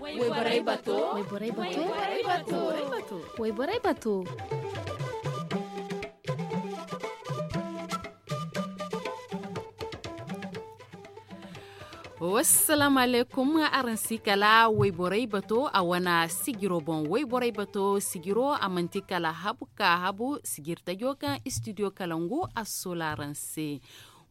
Oi, Borei Batu. Oi, Borei Batu. Oi, Borei Batu. Oi, Borei Batu. wassalamu alaikum aran sikala waiborai bato a wana sigiro bon waiborai bato sigiro a mantikala habu ka habu sigirta yokan studio kalangu a solaran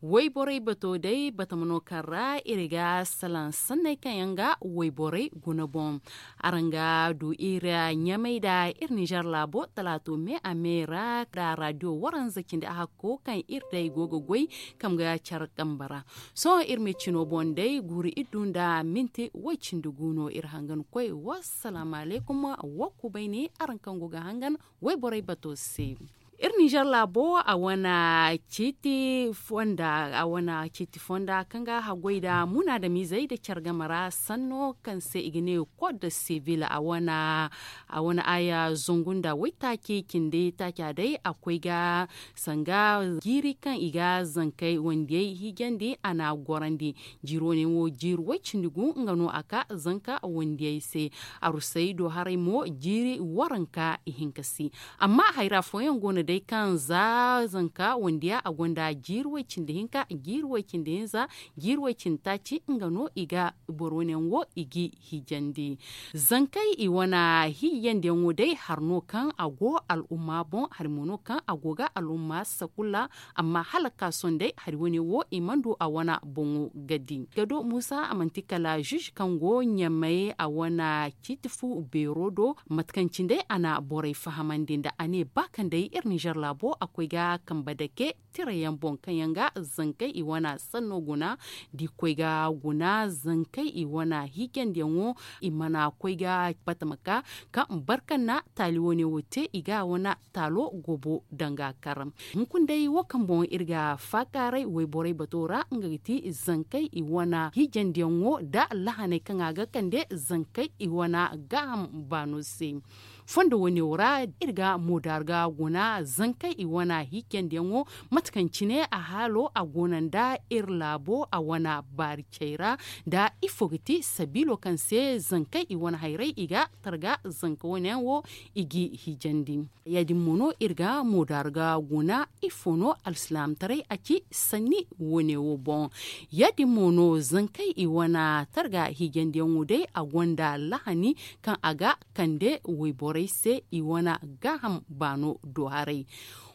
way bato batoday batamno kara iriga salan kan kayanga way waiborai guna bom aranga du ira nyamai da ir nijar labo talato me amera da radio waran zakin da hakko kan ir dai gogo gwai kam ga char kambara so ir me chino dai guri idunda minti wacin duguno ir hangan koi wassalamu alaikum wa kubaini arankan goga hangan way bato sai. irin jar labo a wana citi fonda a wana citi fonda kanga goida muna da mizai da kyar gamara sanno kan igine ko da civil a wana a wana aya zungunda wita ke kinde kya dai akwai ga sanga giri kan iga zankai wanda higen de ana gorande jiro ne wo jiro wacinigu ngano aka zanka wanda sai arusai do hare mo jiri waranka ihinkasi amma haira foyan gona dai kan za zanka wanda a gwanda girwacin da hinka girwacin da hinza girwacin ta ci ingano iga boronen wo igi hijandi zankai iwana hiyan da yanwo dai harno kan ago al'umma bon harmono kan agoga al'umma sakula amma halaka son dai harwani wo imando a wana bongo gadi gado musa amantikala juj kan go nyamai a wana kitifu berodo matkancin dai ana borai fahamandin da ane bakan dai irin nijar labo akwai ga kambadake tirayen bonkayen ga zankai iwana sanno guna di kwai ga guna zankai iwana hiken da imana kwai ga patamaka ka barkan na taliwo ne wote iga wana talo gobo danga karam mukun dai wakan bon irga fakarai wai borai batora ngati zankai iwana hijen da da lahane kan aga kande zankai iwana gam banu fondo wani wura irga modarga gona zankai iwana hiken dengo ne a halo a gonan da irlabo a wana barkeira da ifogiti sabilo kanse zankai iwana hairai iga targa zanka wonenwo igi hijandi yadin mono irga modarga gona ifono alislam tarai aki sanni wonewo bon yadin mono zankai iwana targa hijandi dai a gonda lahani kan aga kande wibore se i gaham bano doharai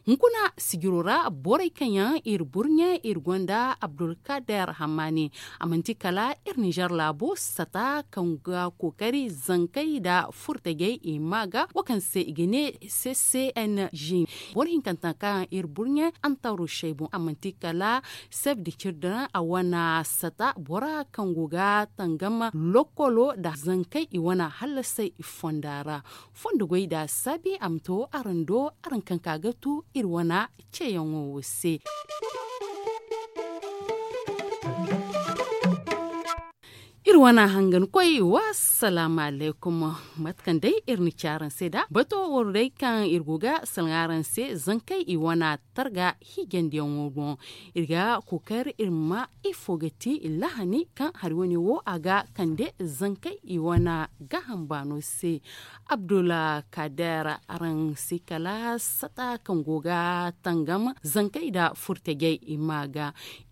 nkuna sigirora borai kanya ir burnya ir gwanda abdulkader hamani aminti kala ir nijar labo sata kan ga kokari zankai da furtage imaga wakan se igine ccng borin kanta kan ir burnya an shaibu aminti kala sef da a wana sata bora kan guga tangama lokolo da zankai iwana halasa ifondara fondugwai da sabi amto arando arankan kagatu irwana cheyongo wose ir wana hangan koi wassalamu alaikum matkan dai irni charan se da bato wordai kan irguga salgaran se zankai i wana targa higen da ngogo irga kokar irma ifogati lahani kan harwani wo aga kande zankai i wana gahan bano se abdullah kader aran sikala sata kan goga zan zankai da furtage imaga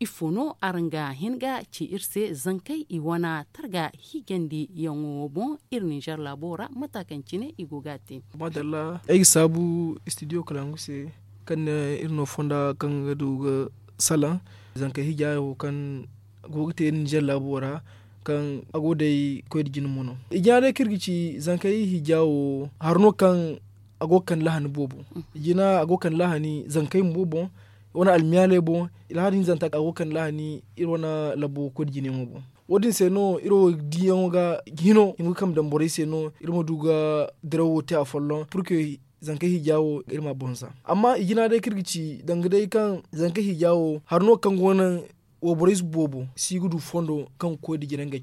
ifono aranga hinga ci irse zan kai wana targa higendi yango bon ir niger labora matakan cine igogate madalla ai sabu studio kalangu se kan eh, irno fonda kan gaduga eh, salan zanka hijayo kan gogte niger labora kan agodai koyar ginin mono igiyar kirgici zankai hijawo harno kan agokan lahani bobo mhm. gina agokan lahani zankai bobo wani almiyale bo ilhadin zanta agokan lahani irwana labo koyar ginin bobo wodin no iro ga hino ingu kam dambore iro irmo duga dirawo te a follon pour que zanka hijawo irma bonsa amma igina dai kirgici dai kan zanka hijawo no kan gonan wo boris bobo sigudu fondo kan ko di jiranga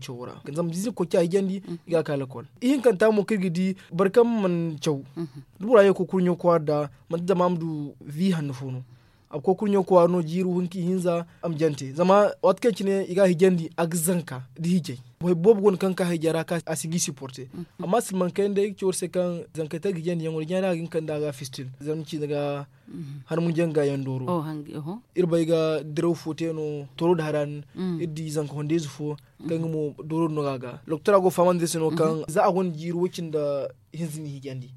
kan zam dizin ko kya yandi mhm. ga kala kon in kan tamo kirgidi barkan man chau mhm. dubura yako kunyo kwada man da mamdu vi hanno fono abko kurnyo ko ano jiru hunki hinza am jante zama watke kine iga higendi agzanka di hije boy bob gon kanka hijara ka asigi supporte mhm. amma silman kan da yake se kan zanka ta gigen yangol wurin yana gin kan daga fistil zan ci daga mhm. har mun janga yan doro oh hangi oh irbai ga drew no toro daran haran mhm. iddi zanka honde fo kan mo doro no gaga loktora go faman desino kan za a gon jiru wucin da hinzini higendi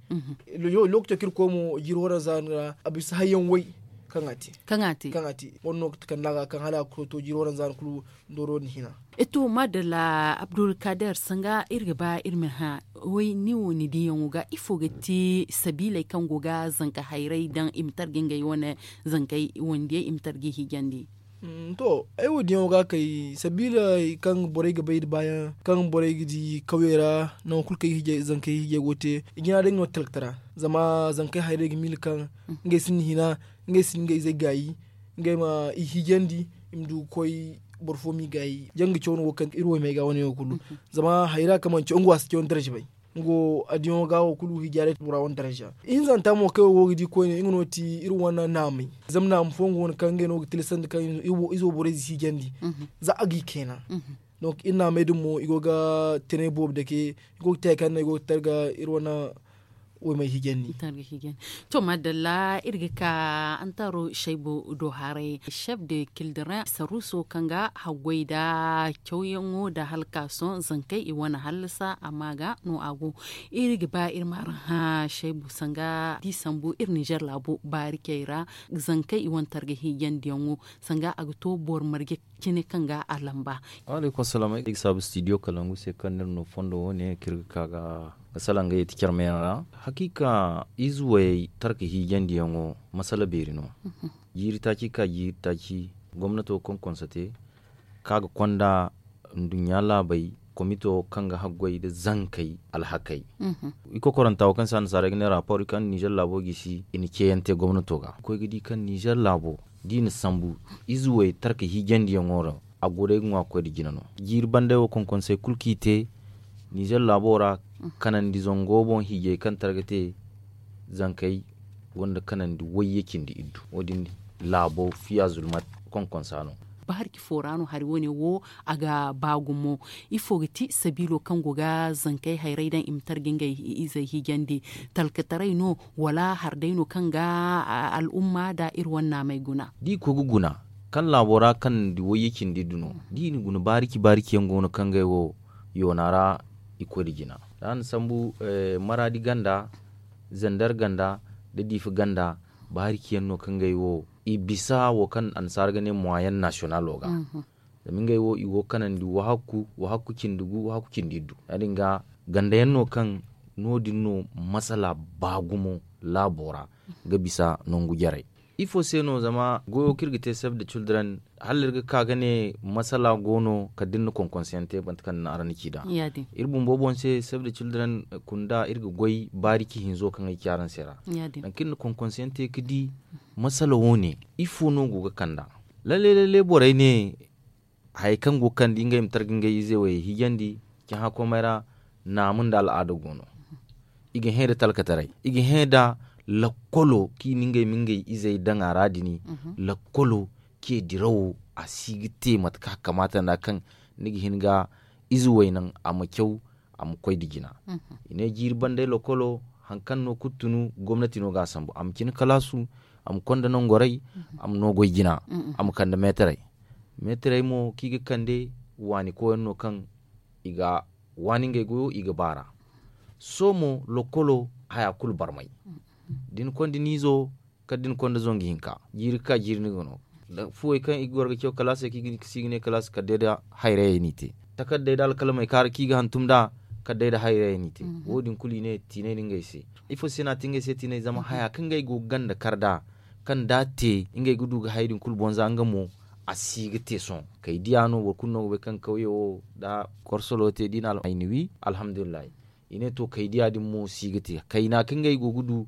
lokta kirko mo jiru horan zanra abisa hayyan wai kangati kangati kangati wonno kan laga kan hala ko to jiro ran zan kulu doro ni hina eto madala abdul kader sanga irga ba irme ha wai ni woni di yonga ifo gati sabila kan goga zanka hairai dan imtar ginga yone zankai wonde imtar gi higandi mm, to ai wadiyan ga kai sabila kan borai ga bayid baya kan borai di kawera na kulka hije zan kai hije gote igina da no talktara zama zan kai haire ga mil kan mm. ngai sin hina ngai ize gayi ngai ma ihigendi imdu koy borfo mi gayi jangi chon wo kan irwo mai ga wani kulu mhm. zama haira kaman chon gwas chon daraja bay ngo adiyon ga wo kulu hijare bura won daraja in zan ta ke kai wo gidi ko ne ingo ti irin wannan nami zamna am fongo won kan geno tilsan kan iwo izo bore zi higendi mhm. za agi kenan mhm. donc ina mai dum mo igo ga tenebo da ke igo ta na igo targa irwana wai mai higen ni higen to madalla irgika an shaibo do hare chef de kildira saruso kanga da kyauyen da halka son zankai i wani halisa amma ga no ago irgi ba irma ha shaibo sanga di sambo ir niger labo ba keira zankai i wani targa higen diyango sanga agto bor marge kine kanga alamba alaikum salam ik sabu studio kalangu se kan no fondo ne kirga ga kasalanga yeti kermera hakika tarki hi gendi yango masala berino yiri ki ka yiri ki gwamnato kon konsate kaga kwanda dunya labai komito kanga hagwai da zankai alhakai mhm. iko koranta kan san sare gina rapport kan Niger labo gisi in yante gwamnato ga ko gidi kan Niger labo dina sambu tarki hi gendi yango a gure gun ko di ginano yiri banda wa kon konsai kulkite nijar labora kanan di zongobon hige kan targete zankai wanda kanan di wayyakin di iddu wadin labo fiya zulmat konkon sano har ki forano har wani wo aga bagumo ifo sabilo kan goga zankai hairai dan imtar ginga izai higende talkatarai no wala daino kan ga al'umma da irwan na mai guna di ko guguna kan labora kan di di duno di ni guna bariki bariki yango no kan ga yo yonara iko rigina. dan sambu eh, maradi ganda zandar ganda da difi ganda kiyan no kan gaiwo i bisa wo kan ansar gane moyen national oga mhm. da min gaiwo i wo kanan di wa hakku wa hakku dugu wa hakku kindiddu adinga ganda no kan no no masala bagumo labora ga bisa nongu jarai ifo seno zama goyo kirgite save the children halirga ka gane masala gono ka dinna konkonsente bantkan na arani kida yadi irbun bobon se save the children kunda irga goy bariki hinzo kan aiki kyaran sera yadi dan kin konkonsente kidi masala wone ifo no goga kanda lalle lalle borai ne haikan gokan dinga imtar ginga yize waye higandi kin hako mara namun da al'ada gono igin heda talkatarai igin heda lakkolo kiningai mingai izai dan aradini mm -hmm. kolo ke dirawo a sigite ka kamata na kan nigi hinga izu wainan a kyau a koy digina mm -hmm. ina jiri bandai lakkolo hankan no kutunu gwamnati no ga sambu am kin kalasu am konda no ngorai mm -hmm. am no goy gina mhm. am kanda metrai metrai mo kiga kande wani ko no kan iga wani ngai goyo iga bara somo lokolo haya kul barmai mhm. din kondi nizo ka din kondi zongi hinka jiri ka jiri ni gono da fuwe kan igwar ga kyo kalase ki gini kalasa ka daida haire ni te deda al kalama ikar ki ga hantum da ka daida haire ni mhm. wo din kuli ne tine ni ngaise ifo sina tinge se tine zama haya mhm. kan ga go ganda karda kan date inga gudu ga haidin kul bonza anga mo a te son kai diyano wa kunno be kan kauye o da korsolo te dinal ainiwi alhamdulillah ine to kai diya din mo sigite kai na kan ga go gudu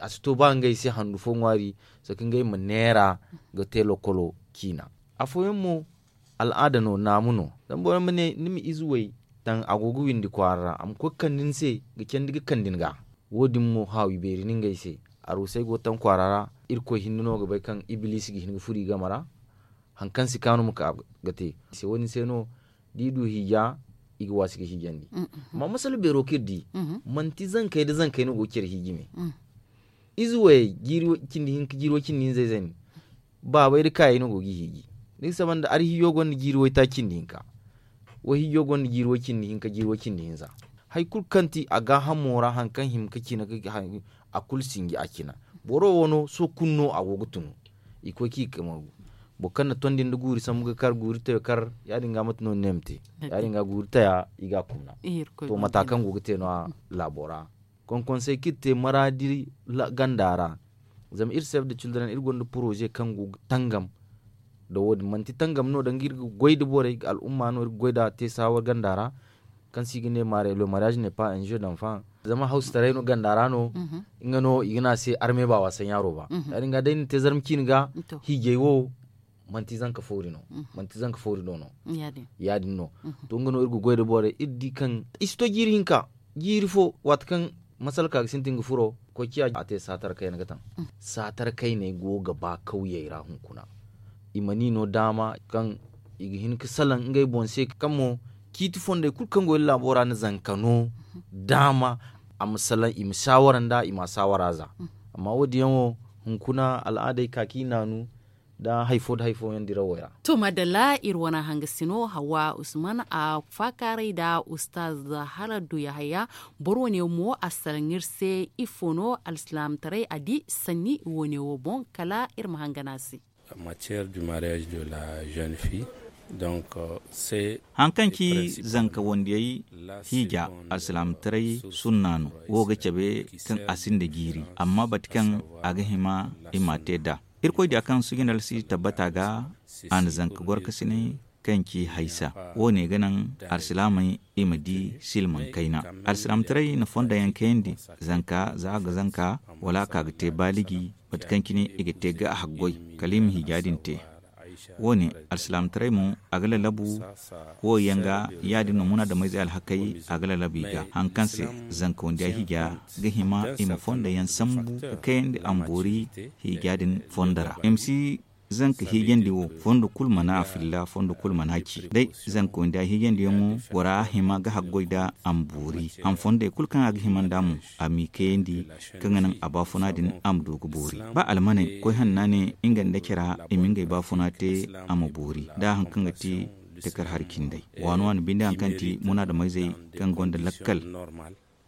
a sito gaisa ba ngai si handu fo ngwari so ngai mu nera ga telo kolo kina afoyen mu al'ada no no dan bo mene nimi izuwai dan agogo windi kwara am ko kandin se ga diga kandin ga wodin mu hawi beri ningai se arusai go tan kwarara irko hinno ga bai kan iblis gi hinga furi gamara hankan si kanu muka gate se wani se no didu hiya igi wasi ke di ma masal bero kirdi manti zan kai da zan kai no gokir higime mm. izuwe giro kindi hin giro kindi zai zan ba bai da kai na gogi higi duk saban da arhi yogon da giro ta kindi hinka wa yogon da giro kindi hinka giro kindi hinza hay kulkanti aga hamora hankan himka kina a kulsingi akina boro wono so kunno a gogutun iko ki kamagu bokan na tondi ndu guri sam kar guri te kar ya dinga mat no nemti ya dinga guri ta ya iga kumna to matakan go te no labora kon kon sai kitte maradi la gandara zam ir save the children ir gondo proje kan go tangam da wodi manti tangam no dangir goyde bore al umma no goyda te sawa gandara kan ne mare lo mariage ne pas un jeu d'enfant zama house tare no gandara no mhm. inga no igna se arme ba wasan yaro ba mhm. yarin ga dai te zarmkin ga hige wo manti zanka fori no mhm. manti zanka fori no no yadin yadin no to ngano irgu goyde bore iddi kan isto jiri hinka jiri fo wat kan masal ka sintin gu furo ko kiya ate satar kai naga mhm. satar kai ne go gaba kauye ra hun kuna imani no dama kan igihin salan ngai bonse kan mo kiti fonde kul kan go labora na zanka no mhm. dama a misalan imsawaran da ima za amma wadiyan hunkuna al'adai kaki nanu da haifo da haifo yan dira waya to madalla irwana hanga sino hawa usman a fakare da ustaz Zahara Duyahaya boro ne mo asalngir se ifono alislam tare adi sanni wone wo bon kala irma hanganasi en matière du mariage de la jeune fille euh, hankanki zanka wanda yayi hija aslam euh, tarai sunnanu woga cabe kan asin giri amma batkan agahima imateda da irko da kan su ginal si tabbata ga an zanka gorka sine kanki haisa wone ganan arsilamai imadi silman kaina arsilam tare na fonda yankendi zanka za ga zanka wala ka ga te baligi bat kankini igate ga haggoi kalim hijadin te woni alsilam tremu agala labu wo yanga yadi no muna da mai zai alhakai agala labi ga hankanse zanka wanda higa gihima ima fonda yan sambu kayan da ambori din fondara mc zan ka higen liwo fondo na afilla fondo na ci. dai zan ko inda higen liwo mu wara hima ga haggoida am buri am fondo kul kan ag himan damu ami kendi kanganan abafuna din am dogo buri ba almanai ko hanna ne ingan da kira imingai bafuna te am buri da ga ti takar harkin dai wani wani bin da kanti muna da zai kan gonda lakkal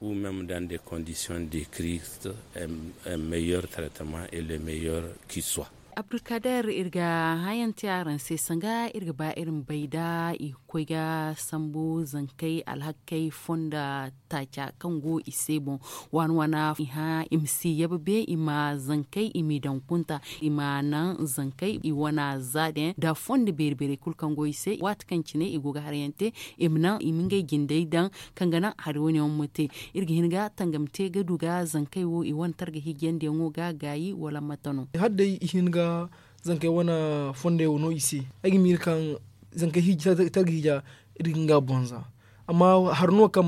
ou même dans des conditions décrites, un, un meilleur traitement et le meilleur qui soit. abdulkader irga hayan yaran sai sanga irga ba irin baida ikwega sambo zankai alhakai fonda taka kango isebon wanwana iha imsi ya yababe ima zankai imi don kunta ima nan zankai iwana zaden da fonda berbere kul kango ise wat kancine igoga haryante imna iminge gindai dan kangana harwoni omote irga hinga tangamte gaduga zankai wo iwan targa higiyan higiyande ngo ga gayi wala matano hadda hinga ga kai wana fonda wono isi agi mir kan zankai hija ta irin ga bonza amma har no ta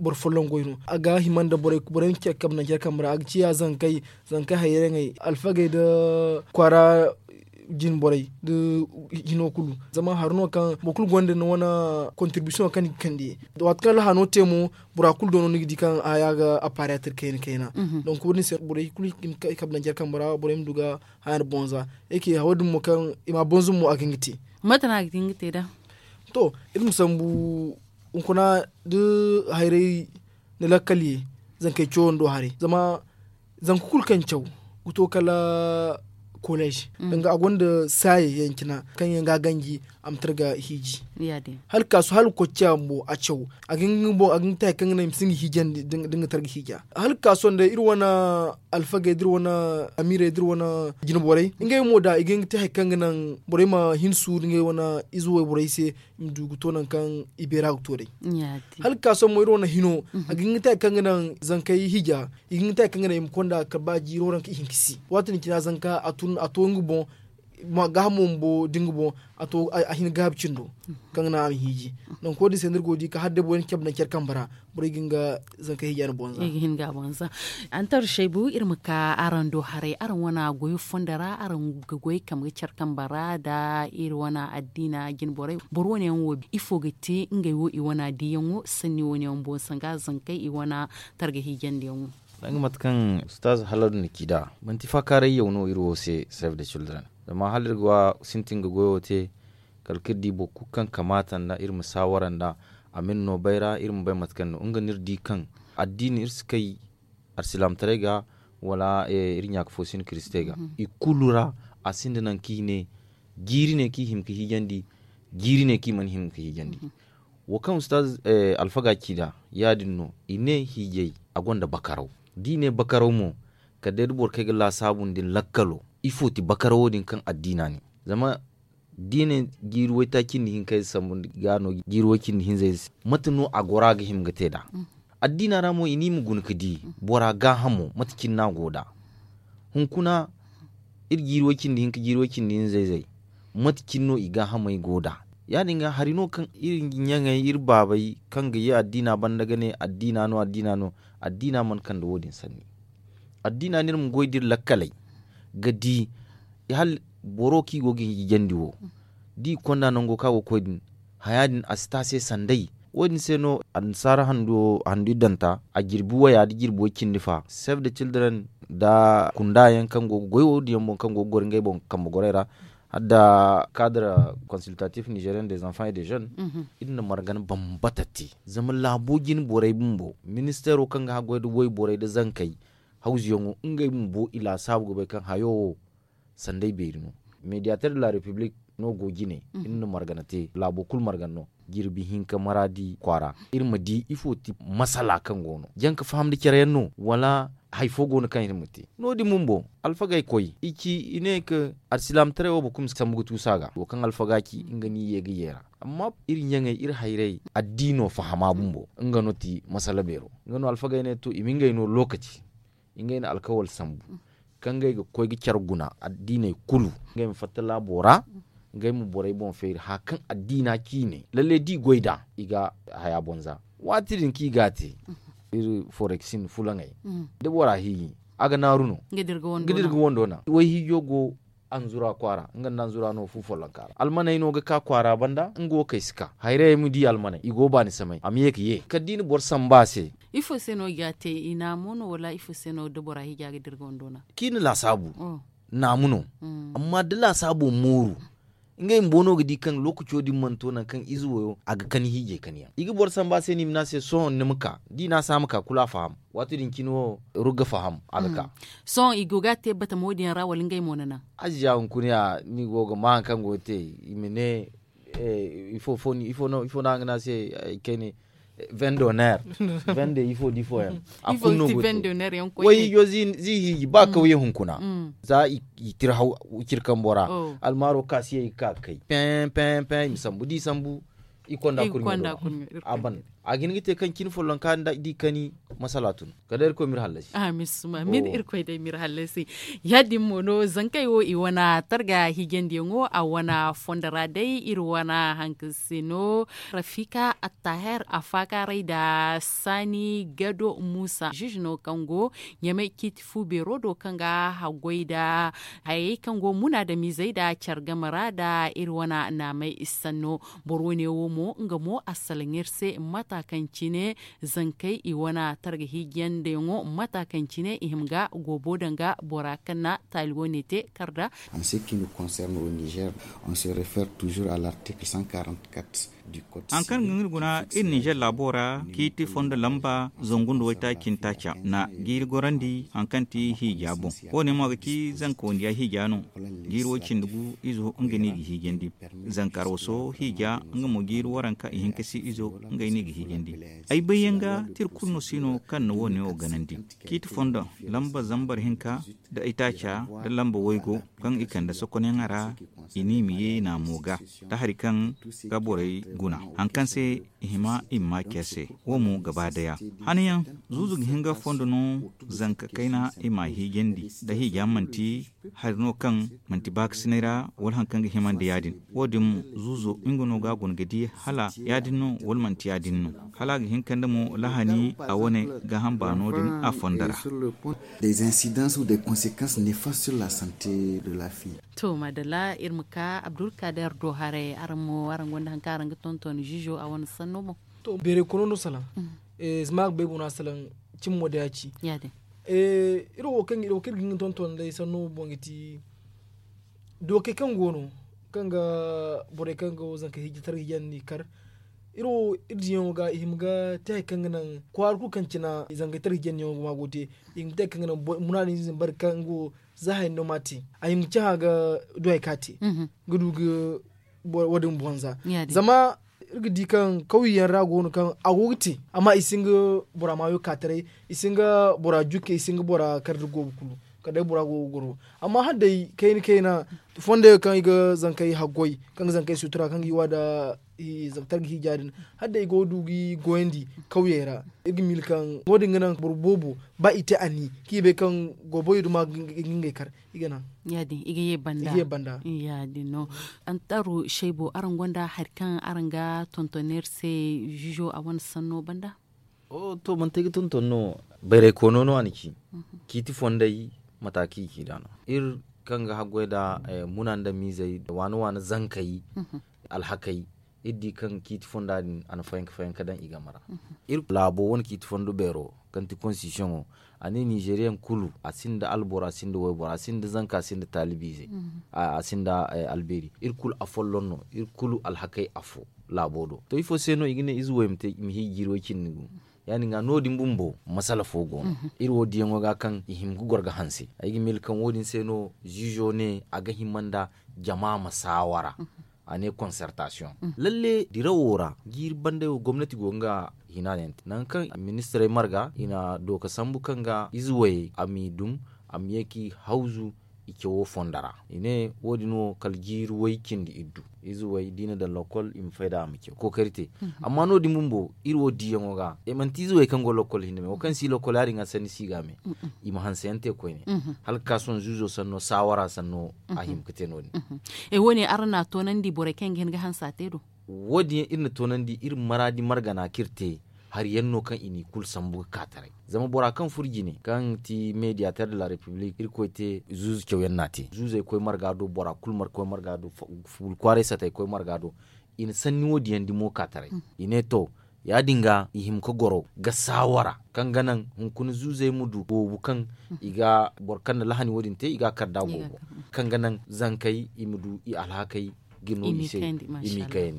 bor folon goyno aga himanda bore bore ke kamna ke kamra ag ciya zankai zankai hayrengai alfagai da kwara jin borai da hino kulu zama haruna kan bokul gonde na wana contribution kan kandi wat kala hano temo burakul kul dono di kan ayaga na ken kena mhm. donc woni ser borai kul kin kabla jar kan bura mu duga hayar bonza yake hawadun mu kan ima bonzun mu na matana gite da to irin sambu kuna da hairai na lakali zan kai ciwon do hari zama zan kukul kan cew guto kala kolej. Mm. Nga agwanda saye yankina kan yanga gangi amtarga hiji hal kasu hal cewu a acew bo a agin ta kan na msingi hijan dinga targa hija hal kasu da irin wana alfaga irin wana amira irin wana jin borai inga mo da igin ta kan nan borai ma hinsu inga wana izuwe borai se mdugu nan kan ibera tore yade hal kasu mo irwana wana hino mhm. agin ta kan nan zankai hija igin ta kan na imkonda karba jiro ran ki hinkisi watin kina zanka atun atongu bon ma gahamon bo dingu bo hin ahin gabcin do kan na am hiji nan ko disen dirgo di ka hadde bo keb na kerkan bara bur ginga zan kai hijan bonza hin ga bonza an tar shebu irma ka aran do hare aran wana goyi fondara aran goyi kam ga kerkan bara da ir wana addina gin borai boro ne wo ifo gite ngai wo i wana di yanwo sani woni ne on bon sanga zan kai i wana targa hijan di yanwo dan matkan ustaz halar nikida mantifa kare yauno iro se save the children da halar gwa sintin ga goyo te kalkir di bo kukan kamata na irin musawaran da amin no baira irin bai matakan no unga nir di kan addini ir skai arsilam tarega wala e, irin ya yak kiriste ga mhm. ikulura a da nan ki ne giri ne ki himki hijandi giri ne ki man himki hijandi mhm. wa kan ustaz e, alfaga kida ya dinno ine hijai gwanda bakarau di ne bakarau mu ka da kai ga lasabun din lakkalo ifo ti bakar wodin kan addina ne zama dine giruwa ta kin hin kai samu gano giruwa kin hin zai matano a gora ga him ga teda mm. addina ramo ini mu gun kidi mm. bora ga hamu matakin na goda hun kuna ir giruwa kin hin ka giruwa kin hin zai zai matakin no iga hamai goda ya dinga harino kan irin yangan ir babai kan ga yi addina ban daga ne addina no addina no addina man kan da wodin sanni addina ne mu goidir lakkalai ga di hal boro ki go gendi wo di konda non ka kago koydin hayadin astase sandai wani seno ansar handu handu danta a girbu waya di girbuwa kinifa. save the children da kunda yan kango goyo di yan kango gorin ngai bon kambo gorera hadda kadra consultatif nigerian des enfants et des jeunes mm -hmm. margan bambatati zama labogin borai bumbo ministero kan ga goyo borai da zankai hawziyongo ngey mum bo ila sabu ɓe kan hayo sanday beri médiateur de la republik no go guine mm margana te labo kul no. girbi hinka maradi kwara irma di ti masala kan gono janka famde kerenno wala haifo gono kan No di mumbo alfagay koi. iki ine ka arsilam kum wo bukum sambugu tusaga wo kan alfagaki n'i yegi yera amma iri nyange iri hayre adino fahamabumbo. bumbo no ti masala bero ngano alfagay ne to imingay no lokaci inga ina alkawal sambu kan ga koy gi charguna addinai kulu ngai mi fatala bora ngai mu borai bon fer hakan addina kine lalle di goida iga haya bonza watirin ki gati mhm. iri forexin fulangai mhm. de bora hi aga naruno gidirga wondona wai hi yogo an zura kwara ngan nan zura no fufo lankara almanai no ga ka kwara banda ngo kai sika haire mu di almana igo ba ni samai amiye ke ye kadini bor samba se ifo seno gate ina mono wala ifo seno dobora higa ga dirgondona kin la sabu oh. na muno mm. amma dala sabu moru yin bono gidi kan lokaci di manto na kan izuwayo aga kan hije kan ya igi bor san ba sai ni na sai son ni muka di na sa muka kula faham wato din kino ruga faham alka mm. son igu ga te bata modin rawalin gai monana ajiya hun kunya ni goga ma kan gote imene eh, ifo foni ifo no ifo na ngana sai eh, kene vendo ner vende ifo difo ya akunu gutu vendo ner yon koy way yo zin zihi ba ko mm. wi hun kuna mm. za i yitir hau yitir bora oh. al maro kasiye ka kai pen pen pen pem sambu di sambu i ikonda kurmi aban agin gite kan kin folon kan da di kani masalatun kada irko mir halasi ah misuma min irko da mir hallasi yadi mono zankai wo i wana targa higendi ngo a wana fondara dai ir wana hankisino rafika attaher afaka raida sani gado musa jijino kango yame kit be rodo kanga hagoida ay kango muna da mizaida da chargamara da ir wana na mai isanno borone wo mo ngamo asalin matakan cine zankai i wana ga higiyan da yungo matakan cine ihimga gobo danga borakan na te karda en ce qui nous concerne au Niger on se refer toujours à l'article 144 ankan ngir guna in niger labora kiti fondo lamba zongun wata kintacha na gir gorandi ankan ti hijabo woni ma ki zan kondi ya hijano giro cindugu izo ngini gi higendi zan karoso hija ngamo giro waranka ihinkasi izo ngaini gi higendi ai bayanga tirkunno sino kan woni o ganandi kiti fondo lamba zambar hinka da itacha da lamba woigo kan ikanda sokone ngara ini miye na moga ta harikan gaborai alguna. Alcance ihima imma kese womu gaba daya haniyan zuzug hinga fondo no zanka kaina ima higendi da hi gamanti har no kan manti sinera wal hankan himan da yadin wodim zuzo ingono ga gidi hala yadin no wal manti yadin no hala ga hinkan da mu lahani a wone ga hamba no din a fondara des incidents ou des conséquences néfastes sur la santé de la fille to madala irmuka abdul kader dohare armo warangonda hankaran tonton jijo a wani nomo to bere kuno no sala mm. e eh, smart be guna salan cin modaci da ci yade e eh, iro o kan iro kirgin ton ton dai sanno bongiti do ke kan gono kan ga bore kan go zan ka hijitar hijan ni kar iro irjiyan ga himga ta kan nan kwar ku kan cina zan ga tar hijan yo ma gote in ta kan nan muna ni zan bar kan go za hay no mati ayim cha ga doy kati mhm. gudu ga wadin bonza zama irga di kan kauyen ragon kan agogti amma isinga bura mayo katare isinga bura juke isinga bura kardugo kulu kadai bura go goro amma hadda kai ni kaina fonde kan iga zankai hagoi kan zankai sutura kan giwa da zaktar gi jadin hadda igo dugi goyendi kauyera igi milkan godin ganan burbobo ba ite ani ki be kan gobo yuduma gingai kar igana yadi ye banda ye banda yadi no an taru shebo aran gwanda harkan aranga tontoner se jujo a wani sanno banda o to man tegi tontonno bere konono aniki mhm. kiti fondai mataki kidana ir kan ga hagwai da eh, munan da mizai da wani wani ka yi mhm. alhakai iddi kan kiti fonda din an fayanka fayanka dan igamara mhm. ir labo wani kiti fondo bero kan ti constitution a ni nigerian kulu sin da albora sin da waibora sin da zanka sin da talibi mhm. sin da eh, alberi ir kul afollonno ir kulu alhakai afo do to ifo seno igine izuwemte imhi girokin nigu yani nga nodin bumbo masala fogo mm -hmm. iri wodi yango ga kan ihimgu hansi hanse ayi mil kan wodin seno jijo ne aga himanda jama'a masawara mm -hmm. ane concertation mm. lalle dira wora gir bande gwamnati gonga hina na nan kan ministre marga ina doka sambu kanga izwe ami dum am hauzu ike wo fondara ine wodi no kal jiru waykindi iddu izu way dina da lokol im fayda amike ko karite mm -hmm. amma no mbo irwo diyango ga e man tizu way kango lokol hinde me o kan si lokol ari nga sani siga me mm -hmm. ima hansente ko ne mm -hmm. hal juzo sanno sawara sanno mhm. ahim kiteno ne mhm. e woni arna to nan di bore kengen ga hansa tedo wodi irna to nan di ir maradi margana kirte har yanno kan ini kul sambu katare zama bora kan furji ne kan ti ta de la république il te zuz ke yannate zuz e ko margado bora kul mar ko margado ful kware sata e ko margado in sanni wodi yandi mo katare hmm. ine to ya dinga ihim ko goro ga sawara kan ganan kun zuze mudu ko kan hmm. iga borkan da lahani wodin te iga karda gobo kan ganan zankai imudu i alhakai gino ise imi kayen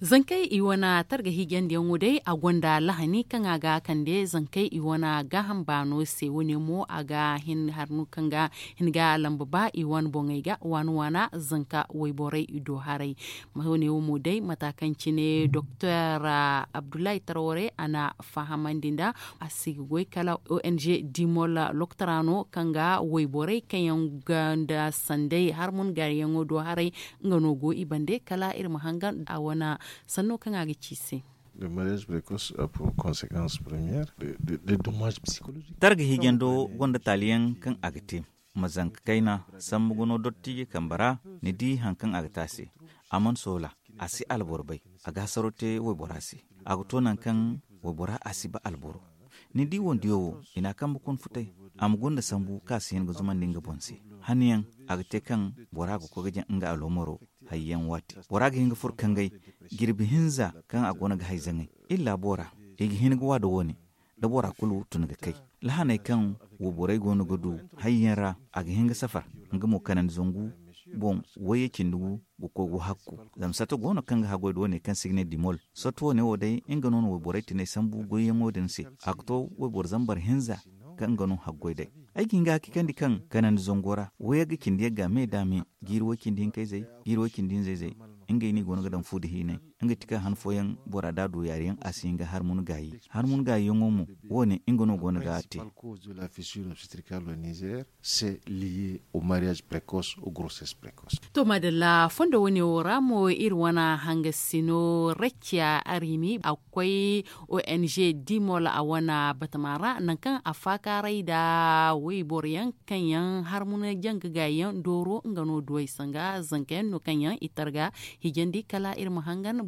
zankai iwana targa higen da wudai a gwanda lahani kan aga kan da zankai iwana ga hambano se wani mo aga hin harnu kan ga hin ga lambu ba iwan bongai ga wani wana zanka wai borai ido harai mahone mu dai matakan ne dr ah, abdullahi tarore ana fahaman dinda a sigoi kala ong dimola loktarano kan ga wai borai kan yan ganda sandai har mun gari yan wodo harai ngano go ibande kala irin hangan a wana sanno kan ci cise le mariage précoce a pour conséquence première des dommages psychologiques targa higendo gonda taliyan kan agate mazanka kaina san muguno dotti kambara ni di hankan agatase aman sola asi alborbai aga sarote wai borasi agutonan kan wai bora asi ba alboro ni di ina kan bukun futai gonda sambu kasi yin guzuman dinga bonse haniyan agate kan bora go kogajin inga alomoro hayyan wati wara ga hinga kangai girbi hinza kan a gona ga haizangai illa bora igi hinga wa da wani da bora kulu tun ga kai lahanai kan wo borai gonu gudu hayyan ra a ga hinga safar nga mu kanan zungu bon waye kindugu go kogu hakku zam sato kan ga hagoy do ne kan signe dimol sato ne wodai inga non wo borai tine sambu goyen wodense akto wo bor zambar hinza kan gano haggoi dai aikin ga kikan di kan kanan zongora waya ga kindi ga me dame girwo kindi kai zai girwo kindi zai zai inga ni gona ga dan fudi hine nga tika han foyan borada do yaren asinga har mun gayi har mun gayi yongomu woni ingono gona ga ate la fissure obstétricale au Niger c'est lié au mariage précoce aux grossesses précoces to madalla fondo woni oramo irwana hanga sino rekia arimi akwai ONG Dimol a wana batamara nan kan afaka raida wai boryan kanyan har mun janga gayan doro ngano duwai sanga zanken no kanyan itarga higandi kala irma hangan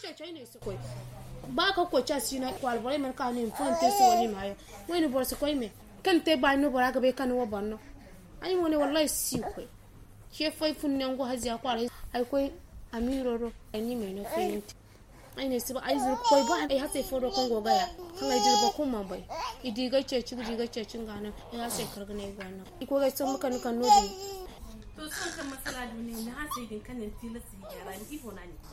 ce ce ba ka ko cha si na kwal bore man ka ni fon te so ni ma wai ni bor su koi me kan te ba ni bora ga be kan wo banno ai mo ne wallahi si koi ke fai fun ne ngo haziya kwal ai koi amiro ro ni me ne koi aine siba aizu koi ba ai hasa fodo kongo gaya kan ai dirba kuma bai idi ga ce ci ga ce cin gana ya sai kargane gana iko ga san muka nukan nodi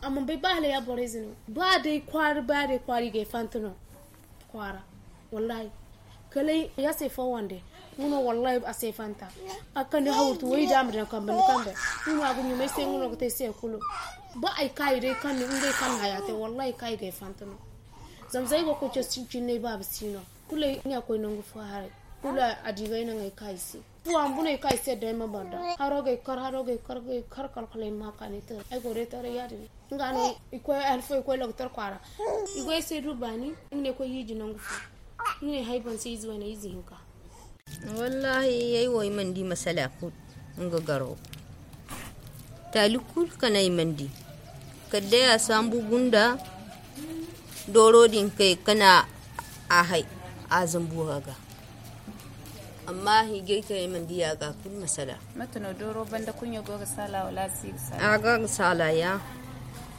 amma bai ba hala ya bore zinu ba dai kwari ba dai kwari ga fantino kwara wallahi kalai ya sai fa wande uno wallahi a sai fanta akan ne hawtu wai da amrin kan ban kan da uno agun mai sai uno ko sai kulo ba ai kai dai kan ne dai kan hayate wallahi kai ga fantino zamzai ko ko cin ne ba bisino kula ne akwai nan gufa hare kula adigai nan ai kai sai puan bune ka ise da ma banda haroge kar haroge kar ge kar kal kale ma ka ni ter ai gore ter ya ni ngano iko alfo iko lok ter kwara iko ise rubani ne ko yiji nan gufu ne haiban sai zuwa na yizi hinka wallahi yayi wai mandi masala ku nga garo talikul mandi kadda ya sambu gunda dorodin kai kana a hai a amma higirka yi mandiya ga kun masala matano doro banda kunyo goga sala wa lasi sala aga sala ya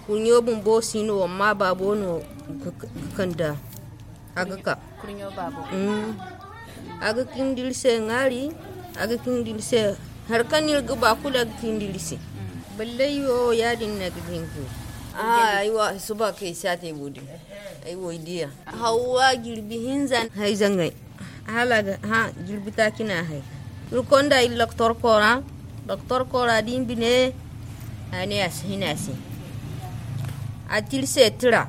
kunyo bun bosi no amma babo no kanda aga ka kunyo babo mm aga kin dilse ngari aga kin dilse har kan yirga ba kula kin dilse mm. balle yo yadin na gidin ah, ku aiwa su ba kai sa ta yi budi aiwa idiya ah. hawa girbi hinzan haizan gai halaga ha julbita kina hay rukonda il doktor kora doktor kora bine ani as hinasi atil setra,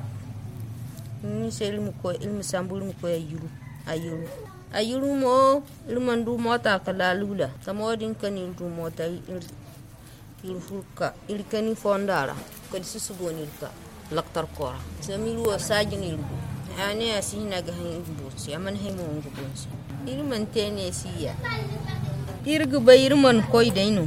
ni sel ilmu ko il musambul mu ko ayuru ya ayuru ayuru mo ilman mandu mota kala lula tamodin kan du mota il kanifondara ko kadi susugoni ta laktar kora samilwa sajin ilbu ani a si na ga han bosi aman he mo ngo bosi irman tene siya irgu bayirman koy daino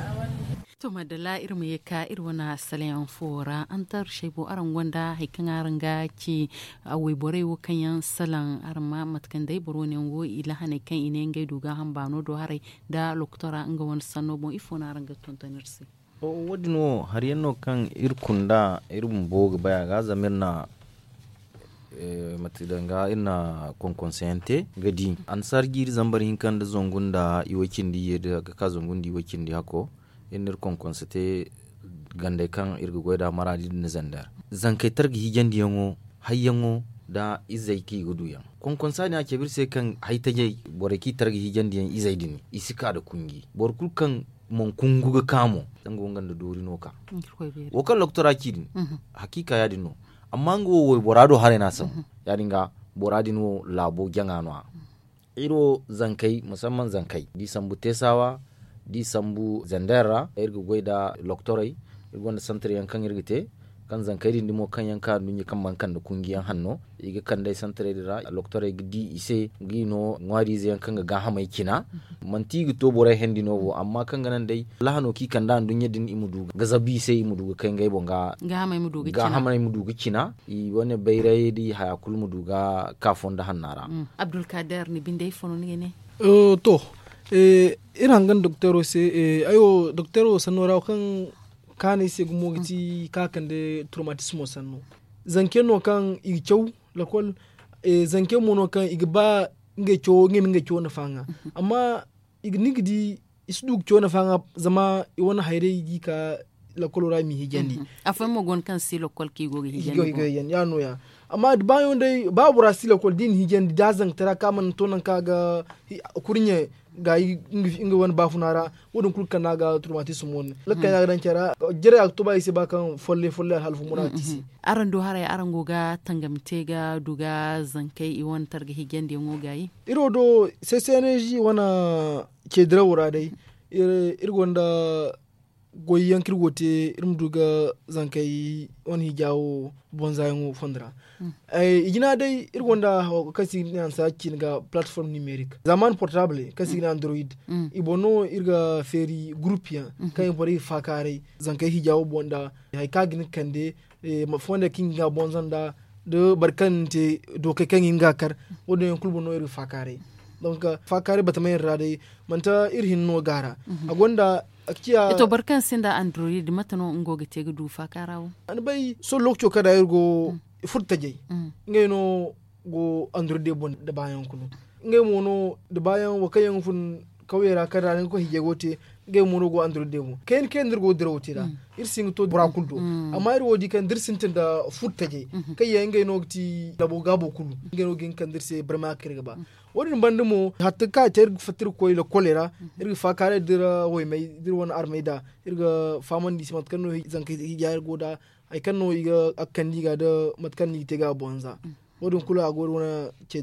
to madala irma ya ka irwana salayan fora an tar shaibo aran gwanda haikan aran gaci a waiborai kan yan salan arma matkan dai boro ne ngo ila hane kan ine ngai duga han bano do hare da loktora nga won sanno bon ifo na aran ga tontonir si o wadino har yanno kan irkunda irin boga baya ga zamirna Eh, matidanga ina konkonsente gadi an sargir zambar hinkan da da iwakin di da ka zongun di iwakin di hako inir konkonsente gande kan irga mara maradi na zandar zankaitar ga higen di yango hayyango da izai ki gudu yan konkonsa ne ake bir sai kan haitaje boreki targa higen di yan izai dini isika da kungi borkul kan mon kungu ga kamo dango ganda da dori noka wakan loktora kidin mhm. hakika ya no amma amangu wo borado harena ya dinga boradin wo labo gyanganwa iro zankai musamman zankai di sambu tesawa di sambu zandera irgu goida loktorai irgonda santar yankan irgite kan zankari mo kan yanka nunye kan bankan da kungiyan hanno iga kan dai san tare da loktora gidi ise gino ngwari zai kan ga hamai kina man gi to bore hendi novo amma kan ganan dai lahano ki kan da dunye din imudu ga zabi sai imudu ga kan gai bonga ga hamai imudu ga hamai imudu ga kina i wani bayrai di haya kul mudu ga kafon da hannara mm. abdul kader ni bindai fono ne ne eh, to eh irangan doktoro sai eh, ayo doktoro sanora kan kane se gumo mm. ti kakan de traumatismo sanno zanke no kan i chow la kol e zanke mo no kan igba nge cho nge nge cho na fanga mhm. amma ignigdi isduk cho na fanga zama i wona hayre yi ka la kolora mi hijandi mhm. afa mo gon kan si kol ki go hijandi go hijandi ya no ya amma bayan dai ba brasil ko din higen da zan tara kaman tonan ga kurnye ga inga wani bafu nara wudun kulka na ga traumatism wani hmm. lakka ya ran kera jere tuba isi ba kan folle folle halfu mura hmm, hmm, tisi aran do harai aran goga tangamte ga duga zankai iwan targa higen da yango gayi iro do sai sai wana ke drawura dai irgonda goyi yankir wote irin duga zankai wani hijawo bonzayin wo fondra mm. igina dai irin wanda kasi ne an saki ga platform numeric zaman portable kasi ni android mm. ibono irga feri group ya mm bari fakare zankai hijawo bonda hay kagin kande e, eh, mafonda kin ga bonzanda de barkan te doke kan inga kar wodo yan kulbo no irin fakare hmm. donc fakare batamayin rade manta irin no gara mm -hmm. agonda Akiya. to barkan sinda android matano ngo ga tege du fa karawo an bai so lokcho kada yirgo mm. furta je mm. ngai no go android de bon da bayan kuno ngai mono da bayan wakayen fun kawera kada ran ko hije gote ngai mono go android de mo ken ken dirgo dirwo da mm. ir sing to bra kuldo amma ir wodi kan dir sintin da furta je mm-hmm. kai ya ngai no ti da bo gabo kuno ngai no gin kan dir se barma kirga ba mm. wani bandu mu hatta ka ta irga fatir koy la kolera irga fa kare dira way mai dira wani armai da irga famon di simat kanno zanka ya irgo da ai kanno iga akkan ga da matkan ni te ga bonza wadun kula a gori wani ce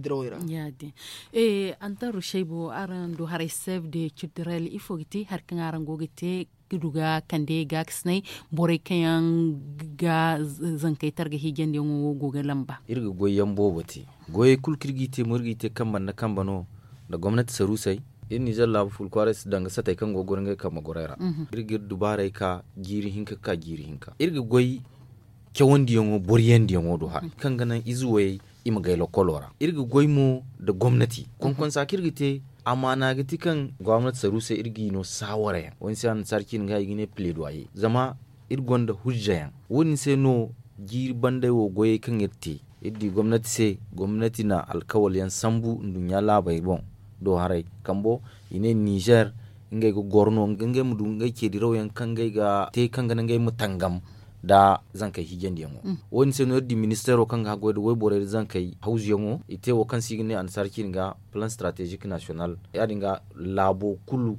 ya di eh an taru shaibu aran do harai save de culturel har harkan aran gogite duga kande ga kisnai bore kayan ga zankai targa higen da goga lamba irga goyen bobati goye kulkirgite murgite kamban na kambano da gwamnati sarusai in zalla labu fulkwara su danga satai kan gogorin ga kama gorera mhm. irgir dubarai ka giri hinka ka giri hinka irga goyi kyawun diyanwo boriyan diyanwo do ha mhm. kan ganan izuwai ima gaila kolora irga goyi mu da gwamnati mhm. kwankwan te. amma na ga tikan gwamnati sai irgi no sawara yan wani sai sarki ga igine pledoyer zama irgon da hujja yan wani sai no girban da wo goye kan yatte iddi gwamnati sai gwamnati na alkawal yan sambu dunya labai bon do harai kambo ine niger ngai go gorno ngai mudu ngai ke dirau yan kan ga te kan ngai mutangam da zan kai higen yango mm. woni senior di ministero kanga hago wai webore zan kai hausu yango ite wo kan ne an sarki nga plan strategic national dinga labo kulu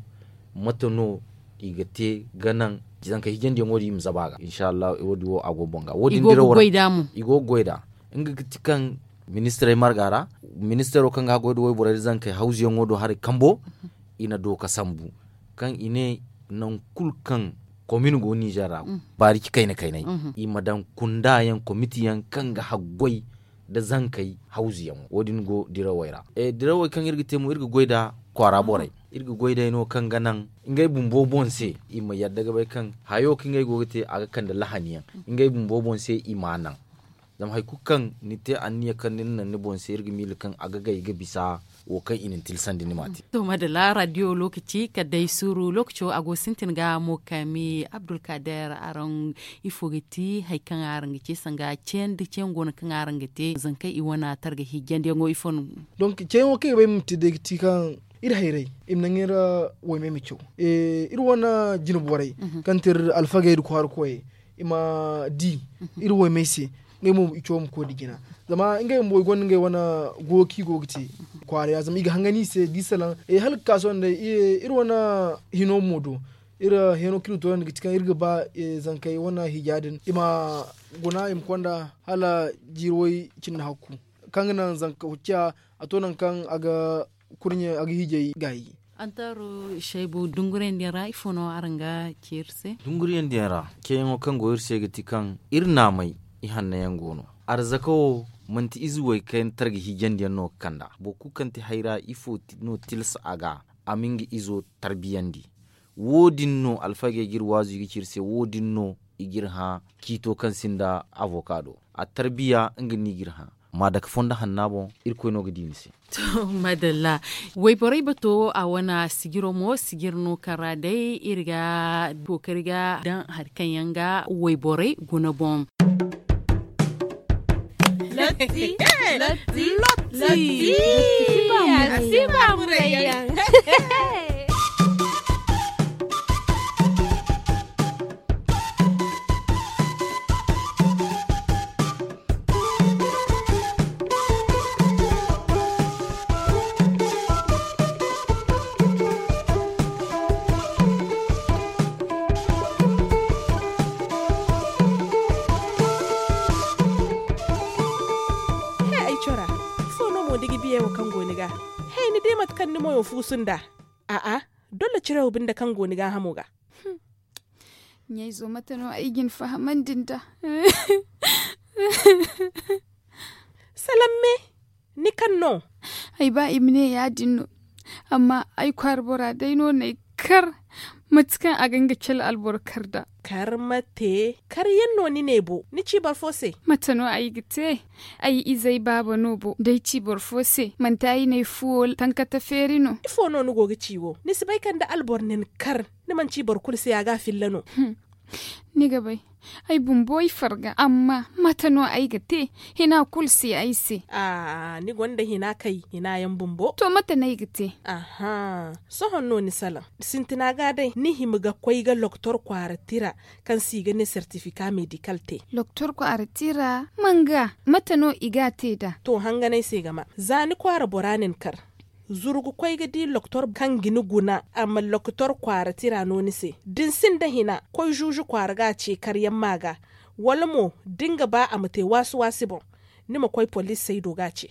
matano igate ganan zan kai higen yango di insha allah wodi wo agobonga wodi ndiro wo igo goida inga kan ministre margara ministero kanga hago wai webore zan kai hausu yango do hari kambo mm-hmm. ina doka sambu. kan ine nan kulkan komin go nijara mm. bari ki kaina kainai mm-hmm. i madan kunda yan komiti yan kanga haggoi da zankai hauzi yan wodin go dira waira e dira wai kan irgite mu irga goida kwara borai mm-hmm. irga goida ino kan ganan ingai bumbo bonse i ma yadda bai kan hayo kin gai gogite aga kan da yan mm-hmm. ingai bumbo bonse i manan zam hay kukan nite anniya kan ninna ni bonse irga mil kan aga gai ga bisa wo kan inin ni mati to madala radio lokaci ka dai suru lokaci ago sintin ga mo kami abdul kader aron ifogiti hay kan gice cen cen gona kan gite zan kai i wana targa higen de ifon cen kai bai ti kan ir hayrai im nangira wa me mi e ir wana jinu borai mhm. kantir alfaga ir ko har koy ima di mhm. ir wa me ngai mu icho mu kodi gina zama ngai mo gon ngai wana goki gogti kware ya zama iga hangani se disalan e hal kaso ne ir wana hino modo ir hino kilu to ne cikin irga zan e, zankai wana hijadin ima guna im konda hala jiroi cin hakku kan nan zanka hucha a tonan kan aga kurnya aga hijayi gayi antaro shaibu da rai fono aranga kirse da dira ke yango kan goyirse gati kan irna mai i na yan gono arzakawo manti izuwai kayan targa da no kanda ku kanti haira ifo no tilsa aga amingi izo tarbiyandi wodin no alfage gir wazu gicir se wodin no igir ha kito kan sinda avocado a tarbiya inga ni gir ha ma daga fonda hannabo irko no gidi nisi to madalla wai borai bato a wana sigiro mo sigir no kara dai irga bokirga dan harkan yanga wai borai guna bom Eh, Lati. Lati. Lati. Lati. Lati. Lati. Lati. da a'a dole cire rubin da kan goni gan hamoga nyai zo mata no aigin fahaman dinta salamme ni kan no ai ba imne ya dinno amma ai kwarbora dai no ne kar matkan aganga chel alborkarda karmate noni ne bo. ni cibor fose matano ayi gite ayi izai baba bo. dai cibor fose manta ayi nai fuol tankata ferino ifo no nugo ciwo ni sibai kan da albor nin kar ni man cibor kulse ya ga fillano hmm. ni gabai. ai bumboi farga amma no ai ga te hina kulsi ai se ah ni gwanda hina kai hina yan bumbo to mata nai gate te aha so honno ni sala sintina ga dai ni himu ga koi ga doktor kwartira kan si ga ne certificat medical te doktor kwartira manga mata iga te da to hanga nai se gama zani kwara boranin kar zurgu kwai di loktor kan gini guna amma loktor kwara tira noni se din sin da hina kwai juju kwara ga ce karyan maga walmo dinga ba a mutai wasu wasu bon nima kwai polis sai doga ce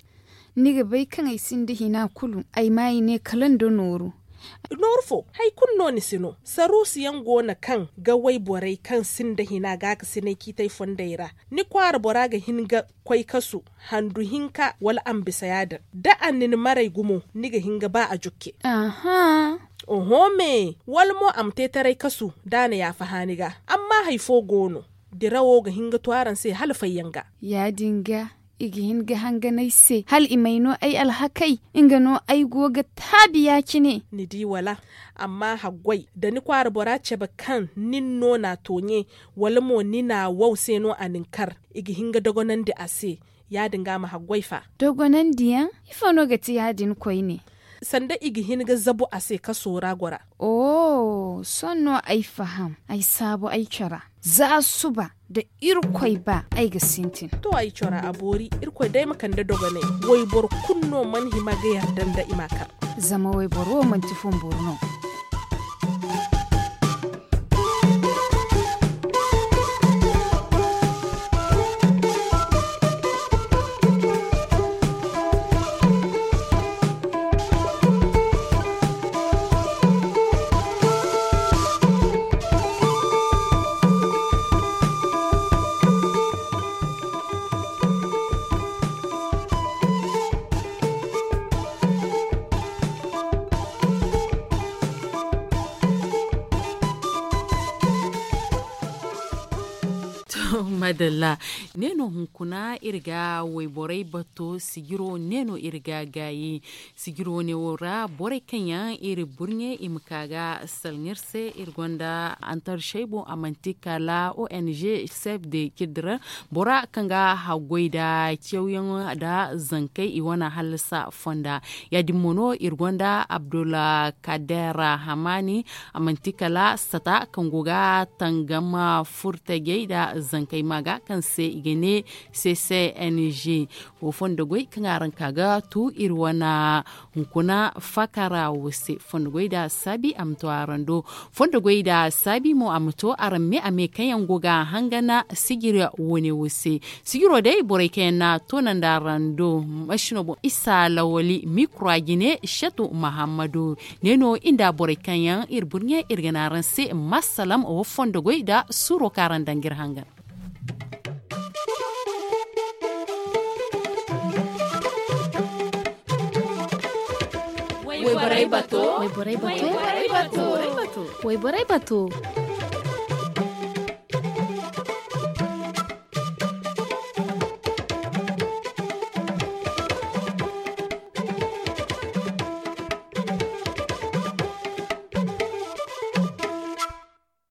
niga bai kan ai sin da hina kulu ai mai ne kalan da noro. norfo hai kunno ni sino siyan gona kan ga wai borai kan sin da hina ga ka sinai kitai fondaira ni kwar bora ga hin ga kwai kasu handu hinka wal an bisa yada da annin marai gumo ni ga hinga ba a jukke aha oho me wal mo te tarai kasu dana ya fahaniga amma haifo gono dirawo ga hinga tuaran sai halfai yanga ya dinga igihin gahanganayse hal imaino ai alhakai ingano ay goga taabiyakine nidi wala amma hagwai da ni kwara bora ba kan ninno na tonye walmo nina wauseno aninkar igihin ga dogonan da ase ya dinga ma hagwai fa dogonan diyan no gati yadin kwai ne sanda igi hinga zabu sai ka sora gwara. oh no ai faham ai sabo ai chara za su ba da irkwai ba ai ga sintin to ai chara abori irkwai dai makan da ne, wai bor kunno man hima ga yardan da imaka zama wai boro man tifon borno madalla neno hunkuna irga waiborai bato sigiro neno irga gayi sigiro ne wora borai kanya iri burnye imkaga salngirse irgonda antar shaibo amantika la ONG save de kidra bora kanga hagoida kyauyan da zankai iwana halsa fonda ya dimono irgonda abdullah kadera hamani amantika la sata kanguga tangama furta geida zankai ma maga kan se igene ccng wo fondo goi kangaran kaga tu irwana hunkuna fakara wose fondo goi da sabi amto arando fondo goi da sabi mo amto arame ame kayan goga hangana sigira wone wose sigiro dai borai kena tonan da rando mashino bo isa lawali mikro gine shatu muhammadu neno inda borai kanyan irburnye irganaran se masalam o fondo goi da suro karan dangir hangana Oi, Batu. Boiborei Batu. Oi, Batu. Boiborei Batu.